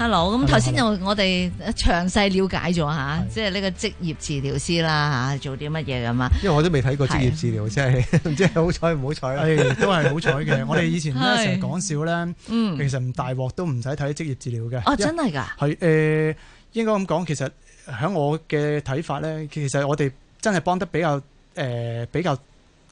hello，咁頭先就我哋詳細了解咗吓，的即係呢個職業治療師啦吓、啊，做啲乜嘢咁嘛？因為我都未睇過職業治療，即係唔知係好彩唔好彩，都係好彩嘅。 我哋以前咧成日講笑咧，嗯的，其實唔大鑊都唔使睇職業治療嘅。哦、啊，為真係㗎，係誒、呃、應該咁講。其實喺我嘅睇法咧，其實我哋真係幫得比較誒、呃、比較。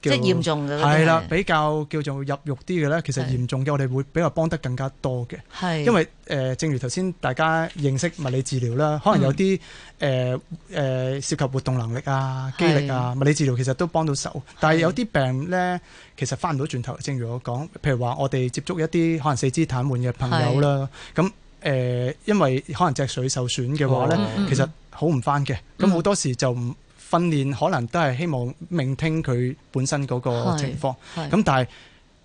即係嚴重嘅，係啦了，是比較叫做入肉啲嘅咧，其實嚴重嘅我哋會比較幫得更加多嘅。係是，因為誒、呃，正如頭先大家認識物理治療啦，嗯、可能有啲誒誒涉及活動能力啊、肌力啊，是物理治療其實都幫到手。但係有啲病咧，其實翻唔到轉頭。正如我講，譬如話我哋接觸一啲可能四肢癱瘓嘅朋友啦，咁誒是、嗯呃，因為可能脊髓受損嘅話咧，嗯嗯、其實好唔翻嘅。咁好多時就唔。嗯訓練可能都係希望 maintain 佢本身嗰個情況，咁但係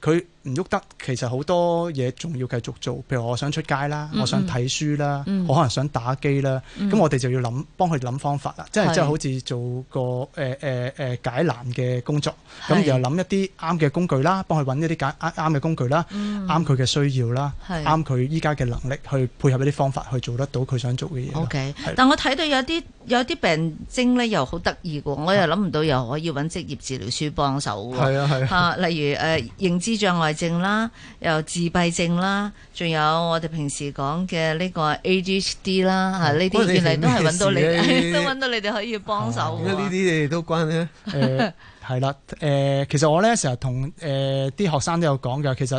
佢。唔喐得，其實好多嘢仲要繼續做，譬如我想出街啦，我想睇書啦，我可能想打機啦，咁我哋就要諗幫佢諗方法啦，即係即係好似做個誒誒誒解難嘅工作，咁然後諗一啲啱嘅工具啦，幫佢揾一啲揀啱啱嘅工具啦，啱佢嘅需要啦，啱佢依家嘅能力去配合一啲方法去做得到佢想做嘅嘢。O K，但我睇到有啲有啲病徵咧，又好得意嘅，我又諗唔到又可以揾職業治療師幫手喎。係啊係啊，例如誒認知障礙。症啦，又自閉症啦，仲有我哋平時講嘅呢個 ADHD 啦，吓呢啲原來都係揾到你，啊、 都揾到你哋可以幫手、啊。呢啲你哋都關咧，係、哦、啦，誒、啊，其實我咧成日同誒啲學生都有講嘅，其實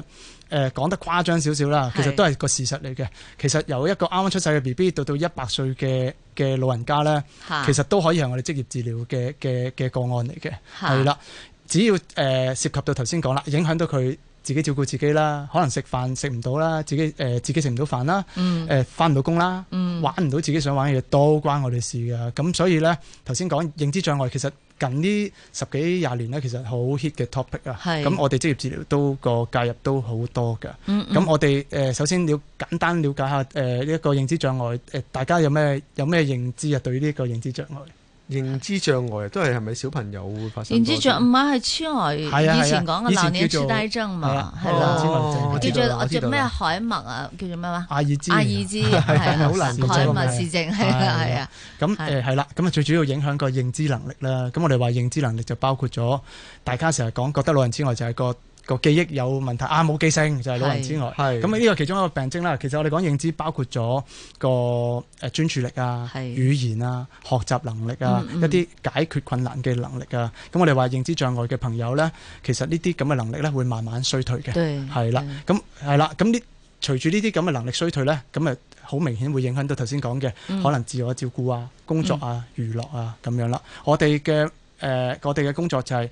誒講、呃、得誇張少少啦，其實都係個事實嚟嘅。其實由一個啱啱出世嘅 B B 到到一百歲嘅嘅老人家咧，其實都可以係我哋職業治療嘅嘅嘅個案嚟嘅，係啦、啊，只要誒、呃、涉及到頭先講啦，影響到佢。自己照顧自己啦，可能食飯食唔到啦，自己誒、呃、自己食唔到飯啦，誒翻唔到工啦，嗯、玩唔到自己想玩嘅嘢，都關我哋事噶。咁所以呢，頭先講認知障礙其實近呢十幾廿年呢，其實好 hit 嘅 topic 啊。咁是我哋職業治療都個介入都好多㗎。咁、嗯嗯、我哋誒首先了簡單了解下誒呢一個認知障礙誒，大家有咩有咩認知啊？對於呢個認知障礙。大家有認知障礙都係係咪小朋友會發生？認知障礙係超外以前講嘅老年痴呆症嘛，係啊，叫做叫咩海默啊，叫做咩話？阿爾茲，阿爾茲海默症。係啊，係啊，咁誒係啦，咁啊最主要影響個認知能力啦。咁我哋話認知能力就包括咗大家成日講覺得老人痴呆就係個。個記憶有問題啊，冇記性就係老人之外，咁啊呢個其中一個病徵啦。其實我哋講認知包括咗個誒專注力啊、語言啊、學習能力啊、一啲解決困難嘅能力啊。咁我哋話認知障礙嘅朋友咧，其實呢啲咁嘅能力咧會慢慢衰退嘅，係啦，咁係啦，咁呢隨住呢啲咁嘅能力衰退咧，咁啊好明顯會影響到頭先講嘅可能自我照顧啊、工作啊、娛樂啊咁樣啦。我哋嘅誒，我哋嘅工作就係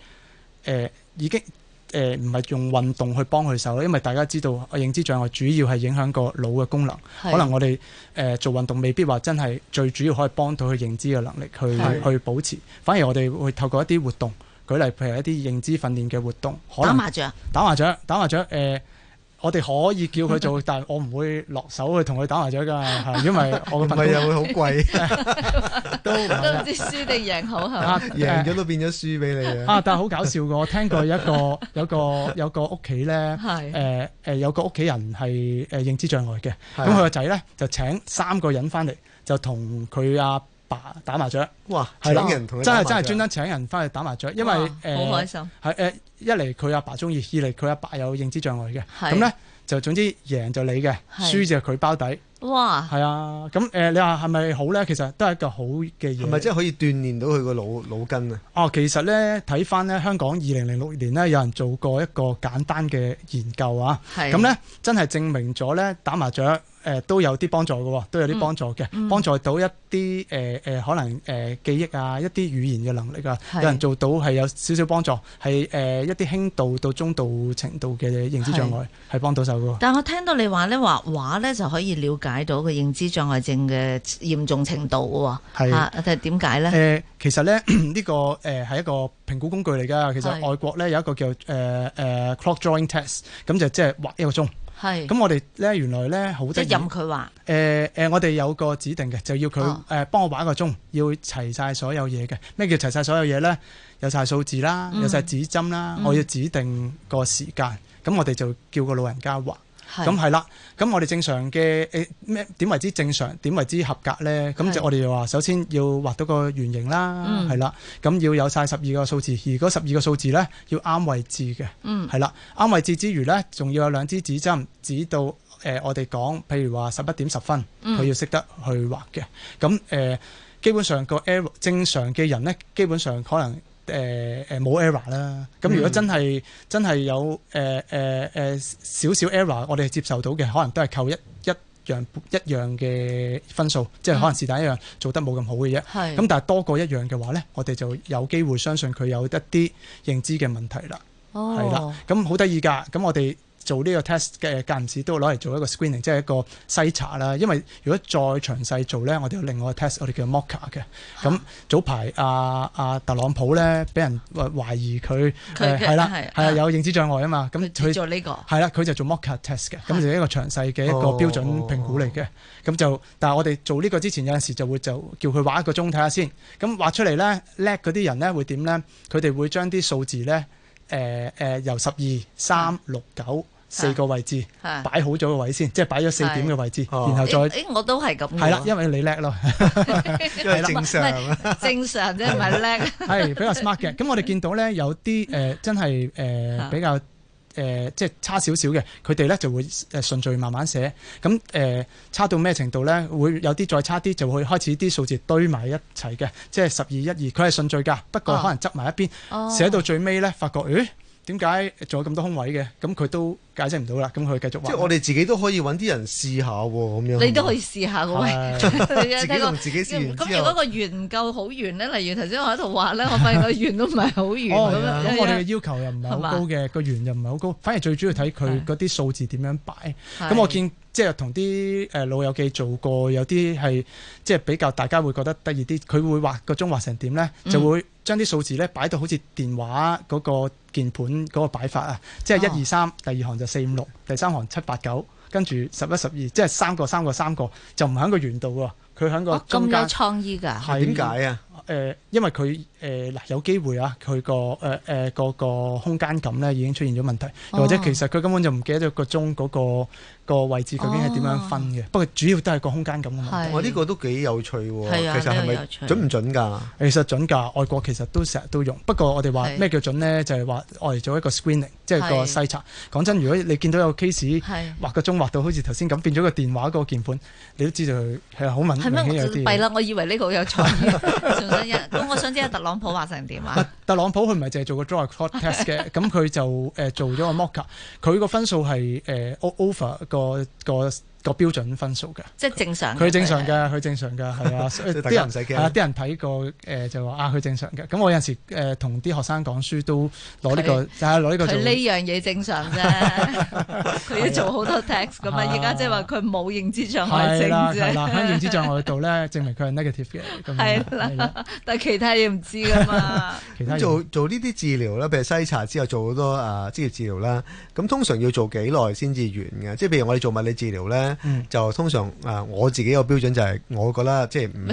誒已經。誒唔係用運動去幫佢手，因為大家知道認知障礙主要係影響個腦嘅功能，是可能我哋誒、呃、做運動未必話真係最主要可以幫到佢認知嘅能力去是去保持，反而我哋會透過一啲活動，舉例譬如一啲認知訓練嘅活動，可能打麻打麻將，打麻將，打麻將誒。我哋可以叫佢做，但係我唔會落手去同佢打麻雀㗎，因為我個 fee 又會好貴， 都唔知 輸定贏好係嘛？贏咗都變咗輸俾你啊！啊，但係好搞笑嘅，我聽過一個 有一個有個屋企咧，誒誒有個屋企人係誒、 呃、認知障礙嘅，咁佢個仔咧就請三個人翻嚟，就同佢啊。打麻雀，哇！係真係真係專登請人翻去打麻雀，因為好哇、呃、開心係一嚟佢阿爸中意，二嚟佢阿爸有認知障礙嘅，咁呢的，就總之贏就你嘅，的輸就佢包底。哇！係啊，咁誒，你話係咪好呢？其實都係一個好嘅嘢，係咪即係可以鍛鍊到佢個腦腦筋啊？哦，其實呢，睇翻呢香港二零零六年呢有人做過一個簡單嘅研究啊，咁呢的，真係證明咗呢打麻雀。誒都有啲幫助嘅，都有啲幫助嘅，幫助，嗯、幫助到一啲誒誒可能誒、呃、記憶啊，一啲語言嘅能力啊，是有人做到係有少少幫助，係誒、呃、一啲輕度到中度程度嘅認知障礙係幫到手㗎。是但係我聽到你話咧，畫畫咧就可以了解到佢認知障礙症嘅嚴重程度喎。係是，但係點解咧？誒、呃，其實咧呢個誒係一個評估工具嚟㗎。其實是外國咧有一個叫誒誒、呃呃呃、clock drawing test，咁就即係畫一個鐘。係，咁是我哋咧原來咧好多係任佢畫。誒誒、呃呃，我哋有個指定嘅，就要佢誒幫我畫個鐘，要齊晒所有嘢嘅。咩叫齊晒所有嘢咧？有晒數字啦，有晒指針啦。嗯、我要指定個時間，咁、嗯、我哋就叫個老人家畫。咁係啦，咁是我哋正常嘅誒咩點為之正常？點為之合格呢？咁是就我哋又話，首先要畫到個圓形啦，係、嗯、啦，咁要有晒十二個數字。而嗰十二個數字呢，要啱位置嘅，係、嗯、啦，啱位置之餘呢，仲要有兩支指針指到誒、呃，我哋講，譬如話十一點十分，佢、嗯、要識得去畫嘅。咁誒、呃，基本上個 error 正常嘅人呢，基本上可能。誒誒冇、呃呃、error 啦，咁如果真係、嗯、真係有誒誒、呃、誒少、呃、少、呃、error，我哋接受到嘅可能都係扣一一樣一樣嘅分數，嗯、即係可能是但一樣做得冇咁好嘅啫。咁的但係多過一樣嘅話呢，我哋就有機會相信佢有一啲認知嘅問題啦。係啦、哦，咁好得意㗎。咁我哋。做呢個 test 嘅間唔時都攞嚟做一個 screening，即係一個篩查啦。因為如果再詳細做咧，我哋有另外個 test，我哋叫 MoCA 嘅。咁、啊、早排阿阿特朗普咧，俾人懷疑佢係、呃、啦，係啊啦，有認知障礙啊嘛。咁佢他他做呢、這個係啦，佢就做 MoCA test 嘅。咁、啊、就係一個詳細嘅一個標準評估嚟嘅。咁、啊、就但係我哋做呢個之前有陣時就會就叫佢畫一個鐘睇下先。咁畫出嚟咧叻嗰啲人咧會點咧？佢哋會將啲數字咧誒誒由十二三六九。四個位置，擺的好咗個位先，即係擺咗四點嘅位置，位置的然後再，誒、欸欸，我都係咁，係啦，因為你叻咯，因為 正， 正常，正常即係唔係叻，係比較 smart 嘅。咁我哋見到咧，有啲誒、呃、真係誒、呃、比較誒、呃、即係差少少嘅，佢哋咧就會誒順序慢慢寫。咁誒、呃、差到咩程度咧？會有啲再差啲，就會開始啲數字堆埋一齊嘅，即係十二一二，佢係順序噶，不過可能執埋一邊，寫到最尾咧，發覺，誒。點解仲有咁多空位嘅？咁佢都解釋唔到啦。咁佢繼續話，即係我哋自己都可以揾啲人試下、哦、下，咁樣的 你都可以試下，個位 自己同自己先咁。如果個圓唔夠好圓咧？例如頭先我喺度畫咧，我發現個圓都唔係好圓，咁我哋嘅要求又唔係好高嘅，個圓的又唔係好高，反而最主要睇佢嗰啲數字點樣擺。咁的我見即係同啲誒老友記做過，有啲係即係比較大家會覺得得意啲。佢會畫個鐘畫成點咧，就會將啲數字咧擺到好似電話嗰個。鍵盤嗰個擺法啊，即係一二三，第二行就四五六，第三行七八九，跟住十一十二，即係三個三個三個，就唔喺個圓度喎，佢喺個中間。咁有創意㗎？係點解啊？誒、呃，因為佢。誒嗱、呃，有機會啊！佢個誒誒個個空間感咧已經出現咗問題，又或者其實佢根本就唔記得咗個鐘嗰、那個、個位置究竟係點樣分嘅。哦、不過主要都係個空間感嘅問題。我呢是、這個都幾有趣喎，啊、其實係咪趣準唔準㗎？其實準㗎，外國其實都成日都用。不過我哋話咩叫準呢？就係話我哋做一個 screening，是即係個篩查。講真，如果你見到有 case 是畫個鐘畫到好似頭先咁，變咗個電話個鍵盤，你都知道佢係好明顯有啲。係啦，我以為呢個好有創意咁 我想知特特朗普話成點啊？特朗普佢唔係淨係做個 draw a clock test 嘅，咁佢就誒做咗個 MoCA，佢個分數係誒 over 個個個標準分數㗎，即係正常。佢正常嘅，佢正常嘅，係啊，啲人唔使驚。係啊，啲人睇過誒就話啊，佢正常嘅。咁我有陣時誒同啲學生講書都攞呢個，係攞呢個做。佢呢樣嘢正常啫。佢要做好多 test 噶嘛。而家即係話佢冇認知障礙症啫。係啦，係啦，喺認知障礙度咧證明佢係 negative 嘅。係啦，但係其他嘢唔知㗎嘛。其他嘢做做呢啲治療咧，譬如西藥之後做好多啊職業治療啦。咁通常要做幾耐先至完㗎？即係譬如我哋做物理治療咧。嗯，就通常啊，呃，我自己個標準就係，我覺得即係唔唔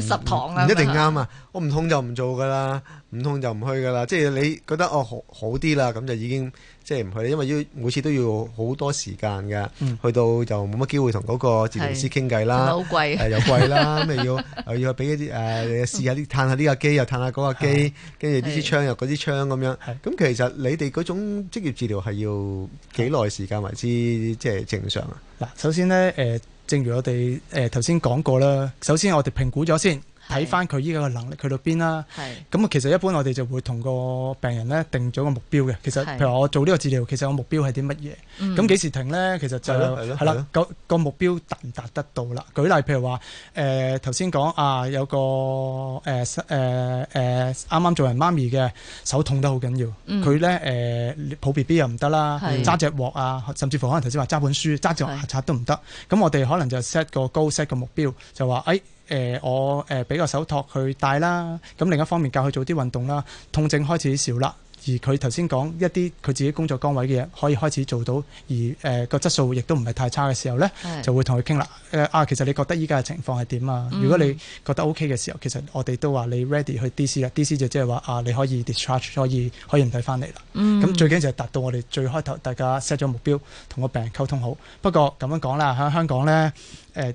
一定啱啊， 我唔痛就唔做噶啦。唔通就唔去噶啦，即係你覺得哦好好啲啦，咁就已經即係唔去啦，因為要每次都要好多時間噶，嗯、去到就冇乜機會同嗰個治療師傾偈啦，又貴、呃、啦，咪 要又、呃、要俾一啲誒試下啲嘆下呢架機，又嘆下嗰架機，跟住呢支槍又嗰支槍咁樣。咁的其實你哋嗰種職業治療係要幾耐時間為之即係正常啊？嗱，首先呢，誒、呃，正如我哋誒頭先講過啦，首先我哋評估咗先。睇翻佢依個能力去到邊啦，咁啊是，其實一般我哋就會同個病人咧定咗個目標嘅。其實譬如我做呢個治療，其實個目標係啲乜嘢？咁幾、嗯、時停咧？其實就係啦，了個個目標達唔達得到啦？舉例譬如話，誒頭先講啊，有個誒誒誒啱啱做人媽咪嘅手痛得好緊要，佢咧誒抱、BB、B B 又唔得啦，揸隻鑊啊，甚至乎可能頭先話揸本書、揸隻牙刷都唔得。咁是我哋可能就 set 個高 set 個目標，就話誒。哎誒、呃、我誒俾個手托佢帶啦，咁另一方面教佢做啲運動啦，痛症開始少啦，而佢頭先講一啲佢自己工作崗位嘅嘢可以開始做到，而誒個、呃、質素亦都唔係太差嘅時候呢，是就會同佢傾啦。誒、呃、啊，其實你覺得依家嘅情況係點啊？嗯、如果你覺得 OK 嘅時候，其實我哋都話你 ready 去 DC 啦，DC 就即係話啊，你可以 discharge，可以可以唔睇翻嚟啦。咁、嗯、最緊就係達到我哋最開頭大家 set 咗目標，同個病人溝通好。不過咁樣講啦，喺香港呢。誒、呃。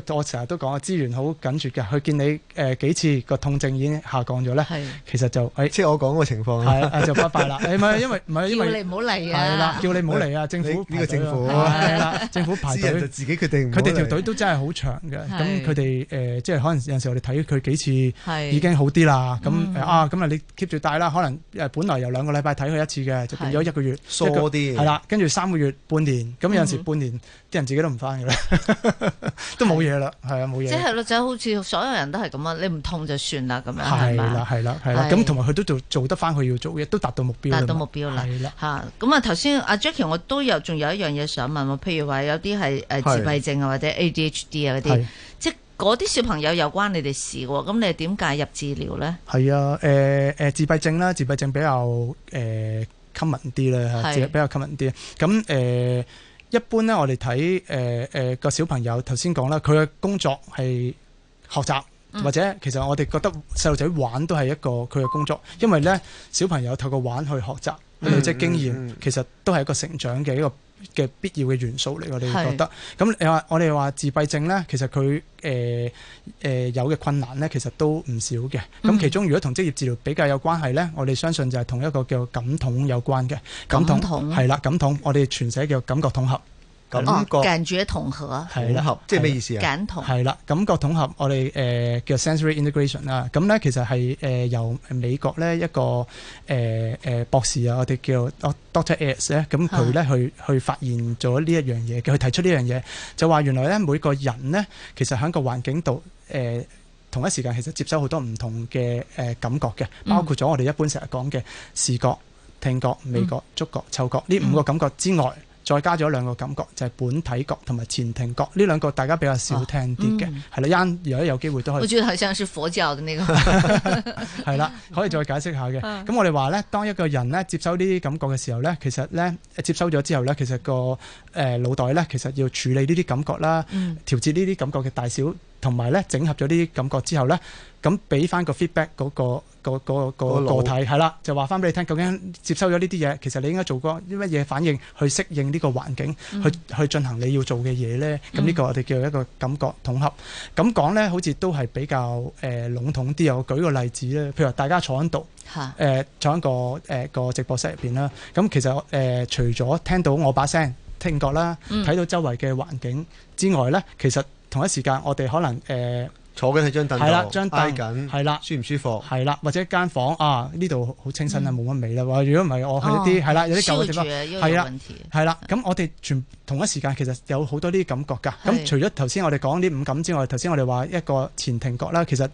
都我成日都講啊，資源好緊缺嘅。佢見你誒幾次個痛症已經下降咗咧，其實就誒即係我講個情況啦，就拜拜啦。唔係因為唔係因為你唔好嚟啊！叫你唔好嚟啊！政府呢個政府，政府排隊。私人就自己決定。佢哋條隊都真係好長嘅。咁佢哋誒即係可能有陣時我哋睇佢幾次已經好啲啦。咁啊咁啊，你 keep 住帶啦。可能誒本來由兩個禮拜睇佢一次嘅，就變咗一個月，疏多啲。係啦，跟住三個月、半年，咁有陣時半年。啲人自己都唔翻嘅啦，都冇嘢啦，係啊冇嘢。即係咯就，好似所有人都係咁啊！你唔痛就算啦，咁樣係嘛？係啦係啦係啦。咁同埋佢都做做得翻，佢要做嘢，都達到目標。達到目標啦。係啦。嚇！咁啊，頭先阿 Jackie，我都有仲有一樣嘢想問喎。譬如話有啲係誒自閉症啊，或者 ADHD 啊嗰啲，即係嗰啲小朋友有關你哋事喎。咁你點介入治療咧？係啊，誒誒自閉症啦，自閉症比較 common 啲咧，比較 common 啲。咁誒。一般咧，我哋睇誒誒個小朋友頭先講啦，佢嘅工作係學習，嗯、或者其實我哋覺得細路仔玩都係一個佢嘅工作，因為呢，小朋友透過玩去學習，累積經驗，其實都係一個成長嘅一個嘅必要嘅元素嚟，我哋覺得。咁你話我哋話自閉症呢，其實佢誒誒有嘅困難呢，其實都唔少嘅。咁、嗯、其中如果同職業治療比較有關係呢，我哋相信就係同一個叫感統有關嘅。感統係啦，感統我哋全寫叫感覺統合。哦，感覺統合係啦，即係咩意思啊？感統係啦，感覺統合，我哋誒叫 Sensory Integration 啦。咁咧其實係誒由美國咧一個誒誒博士啊，我哋叫 Doctor S 咧，咁佢咧去去發現咗呢一樣嘢，佢提出呢樣嘢，就話原來咧每個人咧其實喺個環境度誒同一時間其實接收好多唔同嘅誒感覺嘅，包括咗我哋一般成日講嘅視覺、聽覺、味覺、觸覺、嗅覺呢五個感覺之外。再加咗兩個感覺，就係、是、本體覺同埋前庭覺呢兩個，大家比較少聽啲嘅，係啦、哦。因如果有機會都可以。我覺得好像是佛教的那個。係啦， 可以再解釋下嘅。咁、嗯、我哋話呢，當一個人呢，接收呢啲感覺嘅時候呢，其實呢，接收咗之後呢，其實、那個誒腦、呃、袋呢，其實要處理呢啲感覺啦，調節呢啲感覺嘅大小。嗯同埋咧整合咗呢啲感覺之後咧，咁俾翻個 feedback 嗰個嗰嗰嗰個體係啦，就話翻俾你聽，究竟接收咗呢啲嘢，其實你應該做過啲乜嘢反應去適應呢個環境，去去進行你要做嘅嘢咧？咁呢個我哋叫一個感覺統合。咁講咧，好似都係比較誒籠統啲。我舉個例子咧，譬如大家坐喺度，誒坐喺個誒個直播室入邊啦。咁其實誒除咗聽到我把聲聽覺啦，睇到周圍嘅環境之外咧，其實...同一時間，我哋可能誒坐緊喺張凳，係啦，張凳係啦，舒唔舒服係啦，或者間房啊呢度好清新呀，冇乜味啦。話如果唔係，我去一啲係啦，有啲舊嘅地方係啦，係啦。咁我哋全同一時間其實有好多啲感覺㗎。咁除咗頭先我哋講啲五感之外，頭先我哋話一個前庭覺啦，其實誒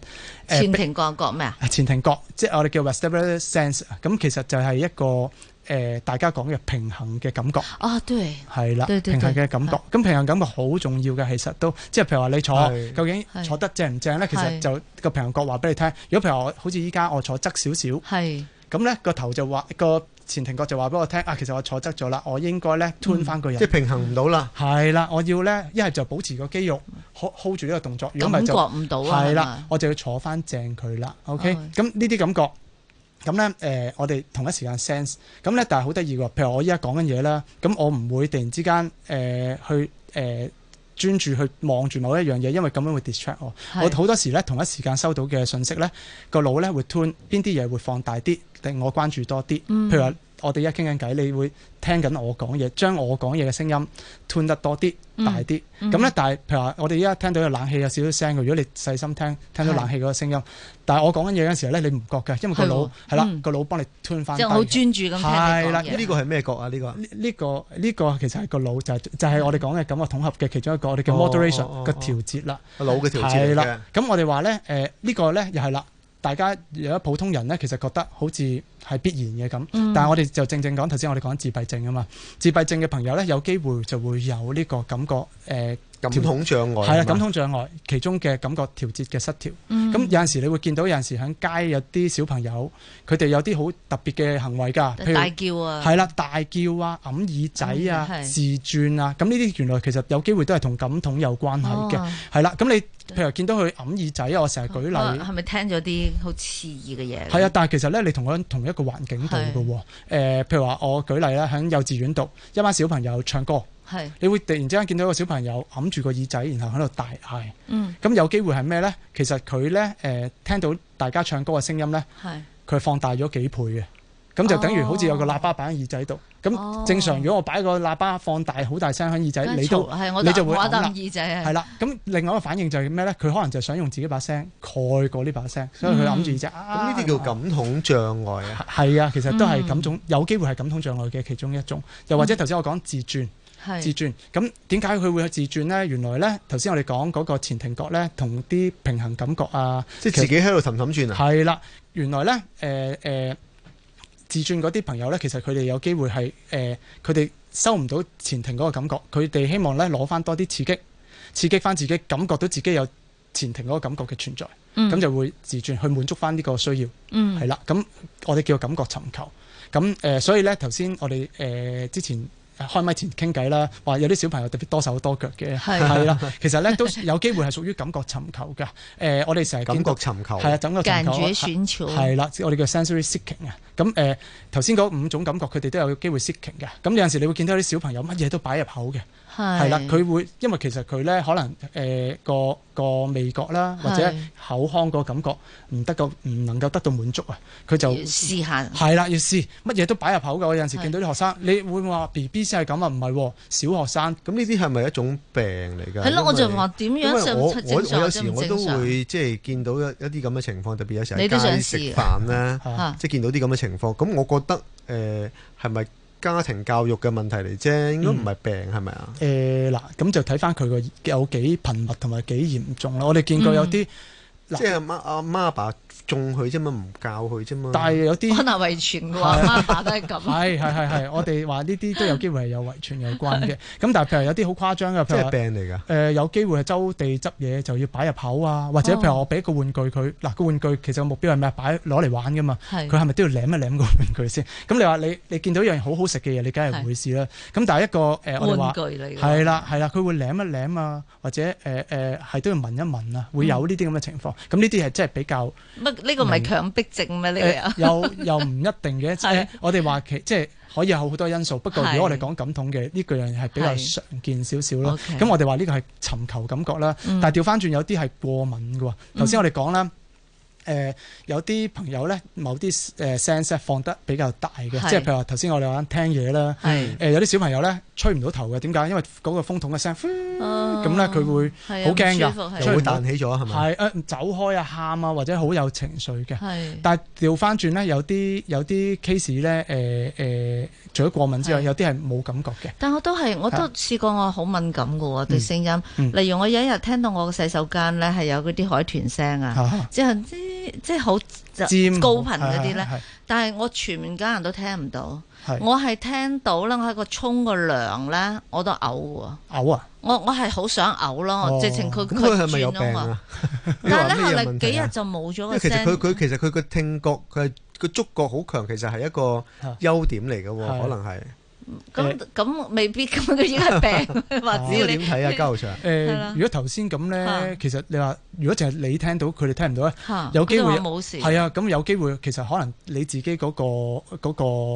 前庭覺覺咩啊？前庭覺即係我哋叫 vestibular sense，咁其實就係一個。誒，大家講嘅平衡嘅感覺啊，對，係啦，平衡嘅感覺。咁平衡感覺好重要嘅，其實都即係譬如話你坐，究竟坐得正唔正咧？其實就個平衡覺話俾你聽。如果譬如我好似依家我坐側少少，係咁咧個頭就話個前庭覺就話俾我聽啊，其實我坐側咗啦，我應該咧 turn 翻個人，即係平衡唔到啦。係啦，我要咧一係就保持個肌肉 hold 住呢個動作，如果唔係就係啦，我就要坐翻正佢啦。OK，咁呢啲感覺。咁咧，誒、呃，我哋同一時間 sense，咁咧，但係好得意喎。譬如我依家講緊嘢啦，咁我唔會突然之間誒、呃、去誒、呃、專注去望住某一樣嘢，因為咁樣會 distract 我。是我好多時咧同一時間收到嘅信息咧，個腦咧會 turn 邊啲嘢會放大啲，令我關注多啲。嗯、譬如話。我哋一傾緊偈，你會聽緊我講嘢，將我講嘢嘅聲音 tune 得多啲、大啲。咁咧，但係譬如話，我哋依家聽到有冷氣有少少聲嘅。如果你細心聽，聽到冷氣嗰個聲音，但係我講緊嘢嗰陣時咧，你唔覺嘅，因為個腦係啦，個腦幫你 tune 翻。即係好專注咁聽。係啦，呢個係咩覺啊？呢個呢個呢個其實係個腦，就係就係我哋講嘅感覺統合嘅其中一個，我哋叫 moderation 個調節啦。個腦嘅調節嚟嘅。係啦，咁我哋話咧，誒呢個咧又係啦，大家如果普通人咧，其實覺得好似。係必然嘅咁，但係我哋就正正講，頭先我哋講自閉症啊嘛，自閉症嘅朋友咧，有機會就會有呢個感覺誒、呃，感統障礙係啊，感統障礙其中嘅感覺調節嘅失調。咁、嗯、有陣時你會見到有陣時喺街有啲小朋友，佢哋有啲好特別嘅行為㗎，譬如大叫啊，係啦，大叫啊，揞耳仔啊，自轉、嗯、啊，咁呢啲原來其實有機會都係同感統有關係嘅，係啦、哦。咁你譬如見到佢揞耳仔，我成日舉例係咪聽咗啲好刺耳嘅嘢？係啊，係係但係其實咧，你同佢同一。個環境度噶、哦呃，譬如話我舉例啦，響幼稚園讀一班小朋友唱歌，是你會突然之間見到一個小朋友揞住個耳仔，然後喺度大嗌，咁、嗯、有機會係咩呢？其實佢呢，誒、呃、聽到大家唱歌嘅聲音呢，佢是放大咗幾倍嘅。咁就等於好似有個喇叭擺喺耳仔度。咁正常，如果我擺個喇叭放大好大聲響耳仔，啊、你都你就會揞耳仔係啦。咁另外一個反應就係咩咧？佢可能就想用自己把聲蓋過呢把聲，所以佢揞住耳仔。咁呢啲叫感統障礙啊？係啊，其實都係感統有機會係感統障礙嘅其中一種。又、嗯、或者頭先我講自轉，嗯、自轉咁點解佢會去自轉咧？原來咧，頭先我哋講嗰個前庭覺咧，同啲平衡感覺啊，即係自己喺度氹氹轉啊。係啦，原來咧，誒、呃、誒。呃呃自轉嗰啲朋友呢，其實佢哋有機會係誒，佢、呃、哋收唔到前庭嗰個感覺，佢哋希望呢攞翻多啲刺激，刺激翻自己，感覺到自己有前庭嗰個感覺嘅存在，咁、嗯、就會自轉去滿足翻呢個需要，係啦、嗯。咁我哋叫感覺尋求。咁誒、呃，所以呢，頭先我哋誒、呃、之前。開麥前傾偈啦，話有啲小朋友特別多手多腳嘅，係啦是、啊，其實咧都有機會係屬於感覺尋求嘅。誒、 呃，我哋成日感覺尋求，係啊，整個尋求，係啦，我哋叫 sensory seeking 啊。咁、呃、誒，頭先嗰五種感覺，佢哋都有機會 seeking 嘅。咁有陣時你會見到啲小朋友乜嘢都擺入口嘅。係啦，佢會因為其實佢咧可能誒個個味覺啦，或者口腔個感覺唔得，個唔能夠得到滿足啊，佢就試下。係啦，要試乜嘢都擺入口㗎。我有陣時見到啲學生，你會話 B B 先係咁啊？唔係，小學生咁呢啲係咪一種病嚟㗎？係咯，我就話點樣先係正常？我有時我都會即係見到一啲咁嘅情況，特別有時喺街食飯咧，即係見到啲咁嘅情況。咁我覺得誒係咪？家庭教育嘅問題嚟啫，應該唔係病係咪啊？誒嗱、嗯，咁吧、呃、就睇翻佢個有幾頻密同埋幾嚴重啦。我哋見過有啲、嗯、啦即係阿媽阿媽阿爸。種佢啫嘛，唔教佢啫嘛。但係有啲可能遺傳嘅話都係咁。係係係係， 是是是我哋話呢啲都有機會係有遺傳有關嘅。咁是是 但係譬如有啲好誇張嘅，即係病嚟㗎。誒、呃、有機會係周地執嘢就要擺入口啊，或者譬如我俾一個玩具佢嗱個玩具其實個目標係咩？擺攞嚟玩㗎嘛。係佢係咪都要舐一舐個玩具先？咁、嗯、你話你你見到一樣好好食嘅嘢，你梗係會試啦。咁是但係一個誒，呃、玩具嚟㗎。係啦係啦，佢會舐一舐啊，或者誒誒係都要聞一聞啊，會有呢啲咁嘅情況。咁呢啲係真係比較乜？呢個唔係強迫症咩？呢個又又唔一定嘅，我哋話其即係可以有好多因素。不過如果我哋講感統嘅，呢句嘢係比較常見少少咯。咁我哋話呢個係尋求感覺啦。但係調翻轉有啲係過敏嘅。頭先我哋講啦，誒有啲朋友咧，某啲誒聲 set 放得比較大嘅，即係譬如話頭先我哋話聽嘢啦，誒有啲小朋友咧吹唔到頭嘅，點解？因為嗰個風筒嘅聲。咁咧佢會好驚噶，就會彈起咗係咪？係誒，走開啊，喊啊，或者好有情緒嘅。係，但係調翻轉咧，有啲有啲 case 咧，誒誒，除咗過敏之外，有啲係冇感覺嘅。但我都係，我都試過我好敏感噶喎對聲音。例如我有一日聽到我嘅洗手間咧係有嗰啲海豚聲啊，即係啲即係好高頻嗰啲咧。但係我全家人都聽唔到，我係聽到啦。我喺個沖個涼咧，我都嘔喎。嘔啊！我我係好想嘔咯，直情佢佢轉啊嘛。但係咧後嚟幾日就冇咗個聲。佢佢其實佢個聽覺佢個觸覺好強，其實係一個優點嚟嘅喎，可能係。咁咁未必咁，佢應該係病或者你。點睇啊，家豪祥？如果頭先咁咧，其實你話。如果就係你聽到佢哋聽唔到咧，哈有機會冇事係啊，咁有機會其實可能你自己嗰、嗰個嗰、嗰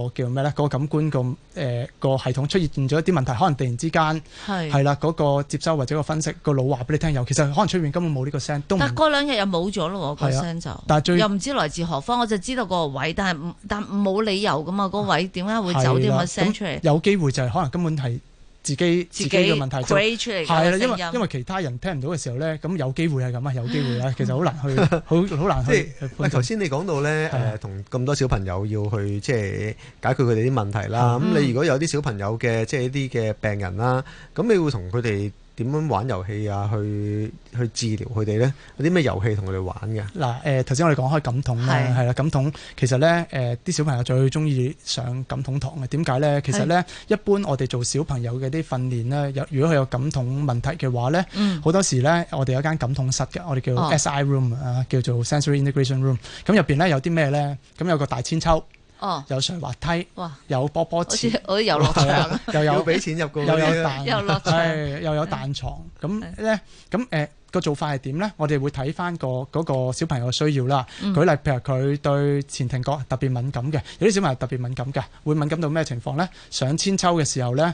個叫咩咧？嗰個感官個誒、呃嗰個系統出現咗一啲問題，可能突然之間係啦嗰個接收或者個分析、嗰個腦話俾你聽有，尤其係可能出面根本冇呢個聲，但係兩日又冇咗咯，嗰個聲就但最又唔知來自何方，我就知道個位，但係但冇理由㗎嘛，嗰、嗰個位點解會走啲咁嘅聲出嚟？有機會就係可能根本係。自己自己嘅問題，係啦，因為、呃、因為其他人聽唔到嘅時候咧，咁有機會係咁啊，有機會啊，嗯、其實好難去，好好 難去。喂，頭先你講到咧，誒、嗯，同咁、呃、多小朋友要去即係解決佢哋啲問題啦。咁、嗯、你如果有啲小朋友嘅，即係一啲嘅病人啦，咁你會同佢哋。點樣玩遊戲啊？去去治療佢哋咧？有啲咩遊戲同佢哋玩嘅嗱？誒、呃，頭先我哋講開感統啦，係啦的，感統其實咧誒，啲、呃、小朋友最中意上感統堂嘅。點解咧？其實咧，的一般我哋做小朋友嘅啲訓練咧，有如果佢有感統問題嘅話咧，好、嗯、多時咧，我哋有間感統室嘅，我哋叫 S.I. room 啊，叫做 sensory integration room。咁入邊咧有啲咩咧？咁有個大千秋。哦，有上滑梯，哇，有波波池，嗰啲遊樂場，又有俾錢入嘅，又有彈，又有彈牀，咁咧，咁誒個做法係點咧？我哋會睇翻個嗰個小朋友嘅需要啦。舉例，譬如佢對前庭覺特別敏感嘅，有啲小朋友特別敏感嘅，會敏感到咩情況咧？上千秋嘅時候咧。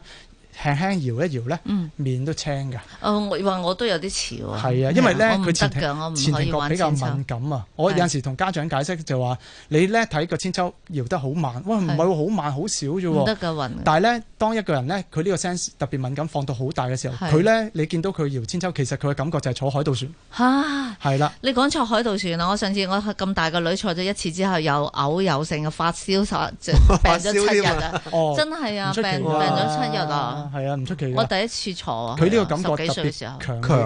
輕輕搖一搖咧，面都青㗎。哦，我話我都有啲似。係啊，因為咧佢前庭前庭覺比較敏感啊。我有陣時同家長解釋就話，你咧睇個千秋搖得好慢，哇唔係好慢好少啫。唔得噶暈。但係咧，當一個人咧佢呢個 sense 特別敏感，放到好大嘅時候，佢咧你見到佢搖千秋，其實佢嘅感覺就係坐海盜船。吓。係啦。你講坐海盜船啊！我上次我咁大個女坐咗一次之後，又嘔又性嘅發燒就係，病咗七日啊！真係啊，病病咗七日啊！係啊，唔出奇。我第一次坐。佢呢個感覺特別強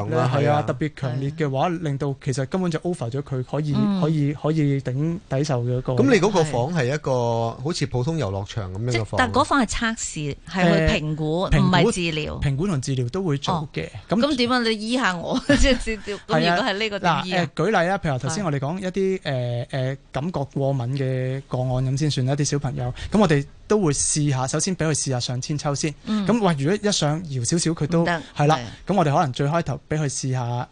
烈，係啊，特別強烈嘅話，令到其實根本就 over 咗，佢可以可以可以頂抵受嘅一個。咁你嗰個房係一個好似普通遊樂場咁樣嘅房。但嗰房係測試，係去評估，唔係治療。評估同治療都會做嘅。咁咁點樣？你醫下我，即係要我如果係呢個。嗱，誒舉例啦，譬如頭先我哋講一啲誒誒感覺過敏嘅個案咁先算啦，啲小朋友咁我哋。都會試下，首先俾佢試下上千秋先。咁、嗯，話，如果一上搖少少，佢都係啦。咁我哋可能最開頭俾佢試下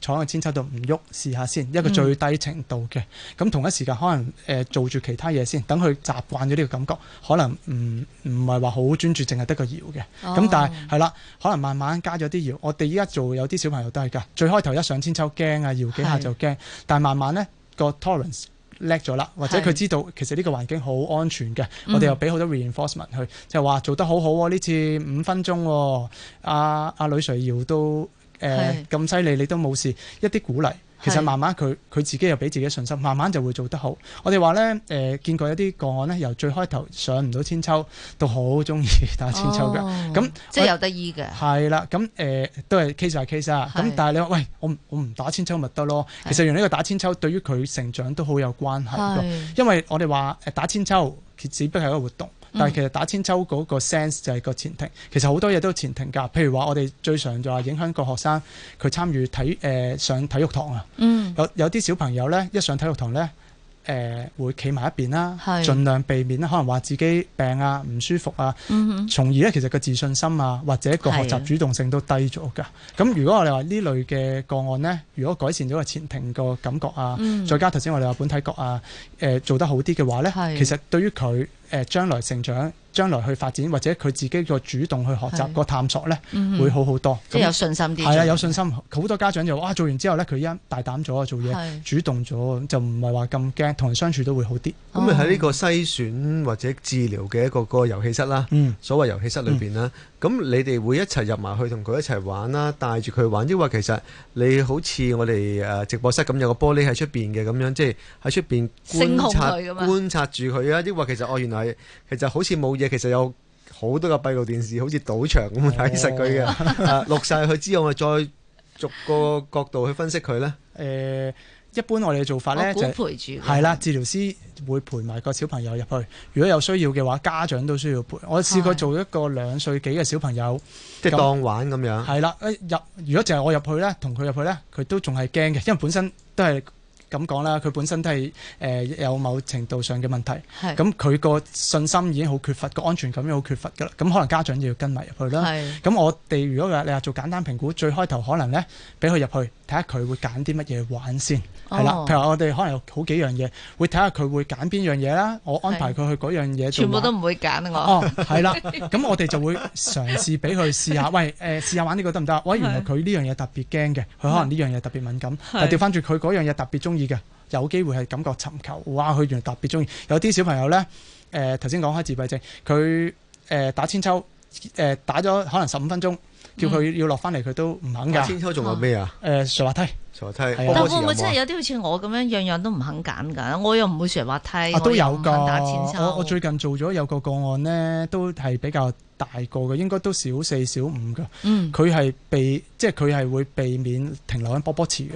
坐喺千秋度唔喐，試下先一個最低程度嘅。咁、嗯、同一時間可能誒、呃、做住其他嘢先，等佢習慣咗呢個感覺，可能唔唔係話好專注，淨係得個搖嘅。咁、哦、但係係啦，可能慢慢加咗啲搖。我哋依家做有啲小朋友都係㗎。最開頭一上千秋驚啊，搖幾下就驚。但係慢慢呢、這個 tolerance 叻咗啦，或者佢知道其實呢個環境好安全嘅，是我哋又俾好多 reinforcement 去，嗯、就係話做得好好，呢次五分鐘阿阿呂瑞瑤都誒咁犀利，你都冇事，一啲鼓勵。其實慢慢佢佢自己又俾自己信心，慢慢就會做得好。我哋話咧，誒、呃、見過一啲個案咧，由最開頭上唔到千秋，到好中意打千秋嘅。咁、哦嗯、即係有得醫嘅。係啦、嗯，咁誒、嗯呃、都係 case by case 啊是。咁但係你話喂，我我唔打千秋咪得咯？其實用呢個打千秋對於佢成長都好有關係。是因為我哋話誒打千秋，佢只不過係一個活動。但係其實打千秋嗰個 sense 就係個前庭，其實好多嘢都前庭㗎。譬如話，我哋最常就話影響個學生佢參與體誒、呃、上體育堂啊。嗯。有有啲小朋友咧，一上體育堂咧，誒、呃、會企埋一邊啦，係是，盡量避免啦，可能話自己病啊、唔舒服啊，嗯從哼而咧其實個自信心啊，或者個學習主動性都低咗㗎。咁是如果我哋話呢類嘅個案咧，如果改善咗個前庭個感覺啊，嗯、再加頭先我哋話本體覺啊，誒、呃、做得好啲嘅話咧，其實對於佢。誒將來成長、將來去發展，或者佢自己個主動去學習、個的探索呢，會好好多。咁、嗯、哼那即係有信心啲。係啊，有信心好多家長就話、啊：做完之後呢，佢一大膽咗做嘢，的主動咗，就唔係話咁驚，同人相處都會好啲。咁咪喺呢個篩選或者治療嘅一個個遊戲室啦，所謂遊戲室裏邊啦。 嗯 咁你哋會一齊入埋去同佢一齊玩啦，帶住佢玩，抑或其實你好似我哋誒直播室咁有個玻璃喺出邊嘅咁樣，即係喺出邊觀察觀察住佢啊！抑或其實我、哦、原來其實好似冇嘢，其實有好多個閉路電視，好似賭場咁睇實佢嘅，錄晒佢之後咪再逐個角度去分析佢呢。誒、呃。一般我哋嘅做法呢，就係、是、啦，的治療師會陪埋個小朋友入去。如果有需要嘅話，家長都需要陪。的我試過做一個兩歲幾嘅小朋友，即係的就當玩咁樣。係啦，一入如果淨係我入去呢，同佢入去呢，佢都仲係驚嘅，因為本身都係咁講啦。佢本身都係誒、呃、有某程度上嘅問題，咁佢個信心已經好缺乏，個安全感又好缺乏㗎啦。咁可能家長就要跟埋入去啦。咁的我哋如果你話做簡單評估，最開頭可能呢，俾佢入去睇下佢會揀啲乜嘢玩先。係啦，譬如我哋可能有好幾樣嘢，會睇下佢會揀邊樣嘢啦。我安排佢去嗰樣嘢做。全部都唔會揀我。 哦，係啦，咁我哋就會嘗試俾佢試下。喂，誒，試下玩呢個得唔得啊？喂，原來佢呢樣嘢特別驚嘅，佢 可能呢樣嘢特別敏感。但係調翻轉佢嗰樣嘢特別中意嘅，有機會係感覺尋求。哇，佢原來特別中意有啲小朋友呢，誒、呃，頭先講開自閉症，佢誒、呃、打千秋，誒、呃、打咗可能十五分鐘。叫佢要落翻嚟，佢都唔肯㗎。千秋仲有咩啊？誒，瀡、啊、滑梯，瀡滑梯。啊、但會唔會真係有啲好似我咁樣，樣樣都唔肯揀㗎？我又唔會瀡滑梯。啊、都有㗎。我打千秋我，我最近做咗有個個案咧，都係比較大個嘅，應該都小四小五㗎。嗯，佢係避，即係佢係會避免停留喺波波池嘅。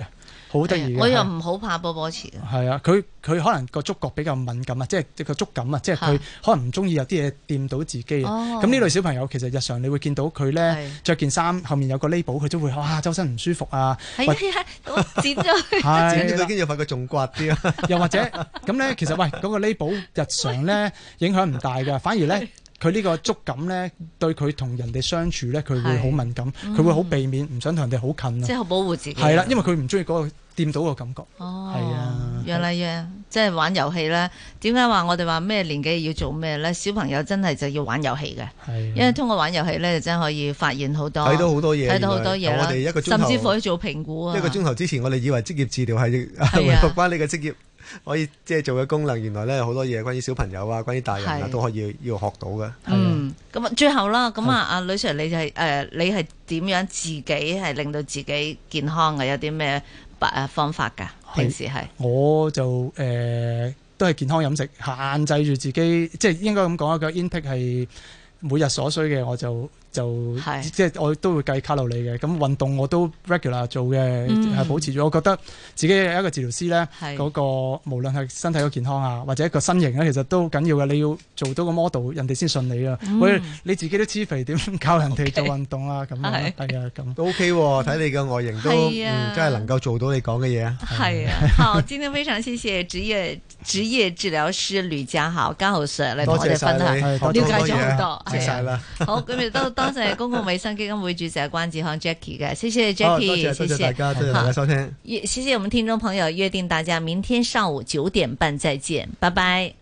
好得意，我又唔好怕波波池嘅。啊，佢佢可能個觸覺比較敏感啊，即係個觸感啊，即係佢可能唔中意有啲嘢掂到自己。咁呢類小朋友其實日常你會見到佢咧，着件衫後面有個 label，佢都會哇周身唔舒服啊。係剪咗剪咗佢，跟住發覺仲刮啲啊！又或者咁咧，其實喂嗰個 label 日常咧影響唔大嘅，反而咧佢呢個觸感咧對佢同人哋相處咧，佢會好敏感，佢會好避免唔想同人哋好近咯。即係保護自己。係啦，因為佢唔中意嗰個掂到個感覺，係啊，樣嚟樣，即係玩遊戲咧。點解話我哋話咩年紀要做咩咧？小朋友真係就要玩遊戲嘅，因為通過玩遊戲咧，就真係可以發現好多睇，到好多嘢，睇到好多嘢。我哋一個鐘頭甚至可以做評估。一個鐘頭之前，我哋以為職業治療係係回復翻你個職業可以即係做嘅功能。原來咧，好多嘢關於小朋友啊，關於大人啊，都可以要學到嘅。嗯，咁啊，最後啦，咁啊，阿女士，你係誒，你係點樣自己係令到自己健康嘅？有啲咩？法方法㗎，平時係我就誒、呃、都係健康飲食，限制住自己，即係應該咁講啊，個 intake 係每日所需嘅，我就。就即係我都會計卡路里嘅，咁運動我都 regular 做嘅，係保持住。我覺得自己一個治療師咧，嗰個無論係身體嘅健康啊，或者一個身形咧，其實都緊要嘅。你要做到個 model，人哋先信你啊！喂，你自己都黐肥，點教人哋做運動啊？咁係，係啊，咁都 OK，睇你嘅外形都真係能夠做到你講嘅嘢啊！係啊，好，今天非常謝謝職業職業治療師呂家豪家豪 sir 嚟同我哋分享，了解咗好多，謝晒啦。好，咁亦都多謝公共衛生基金會主席關志康 Jacky 嘅，謝謝 Jacky，謝謝大家 es sa .，多謝大家收聽，謝謝我們聽眾朋友約定大家明天上午九點半再見，拜拜。